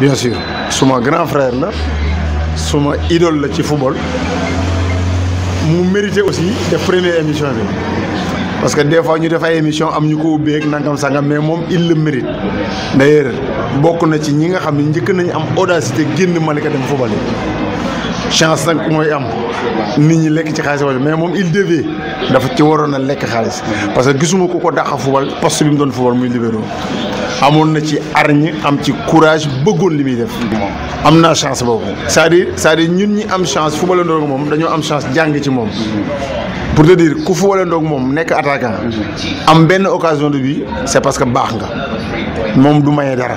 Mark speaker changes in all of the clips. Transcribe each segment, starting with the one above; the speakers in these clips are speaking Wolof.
Speaker 1: bien sûr suma grand frère là, suma idole la ci football mu mérité aussi de première émission parce que des fois ñu def ay émission am ñu ko ak nangam sangam mais mom il le mérite d'ailleurs bokku na ci ñi nga xam ne njëkk am audacité genn Malika dem football chance nak moy am nit ñi lekk ci xaliss mais mom il devait dafa ci warona lek lekk parce que gisuma ko ko football poste bi mu doon football muy libéro il y ci un am ci courage beugone limi def. am chance bobu cest à cest am chance fu ma la ndok am chance ci pour te dire ku fu ma la attaquant. am occasion de vivre. c'est parce que baax nga. mom du maye dara.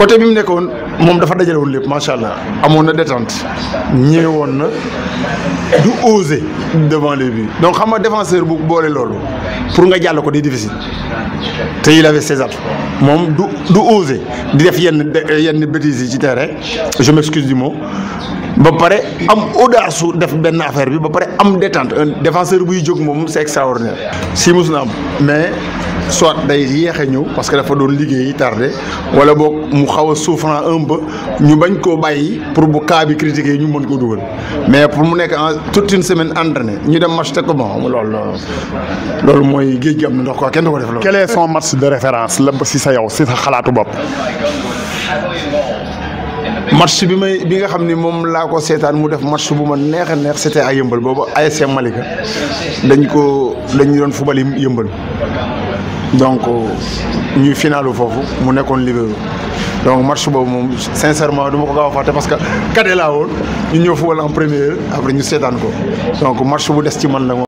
Speaker 1: côté bi mu nekkoon moom dafa dajale woon lépp macha allah amoon na détente ñëwoon na du oser devant les buts donc xam nga défenseur bu boole loolu pour nga jall ko day difficile te il avait ses atouts mom du du osé di def yenn yenn bêtises ci terrain je m'excuse du mot ba paré am audace def ben affaire bi ba paré am détente un défenseur buy jog mom c'est extraordinaire. si mus na am mais soit day yéex ñeu parce que dafa doon liggéey tardé wala bok mu xawa souffrant un peu ñu bañ ko bàyyi pour bu ka bi critiquer ñu mën ko dugal mais pour mu nekk toute une semaine entraîné ñu dem match te ko bon loolu loolu loolu mooy géej gi am na ndox def loolu. quel est son match de référence Le si sa yow si sa xalaatu bopp. match bi may bi nga xamni mom la ko sétane mu def match bu ma neex neex c'était à yëmbal boobu ASC Malika dañ ko dañ doon fubal yëmbal donc ñu finalu fofu mu nekkoon libéro donc match bobu mom sincèrement duma ko gaaw a parce que cadet laa woon ñu ñëw football en première après ñu sétane ko donc match bu dess ci man la